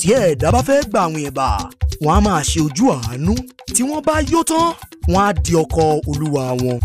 tí ẹ̀dá bá fẹ́ gba àwìn ẹ̀bà wọ́n á máa ṣe ojú àánú tí wọ́n bá yó tán wọ́n á di ọkọ olúwa wọn.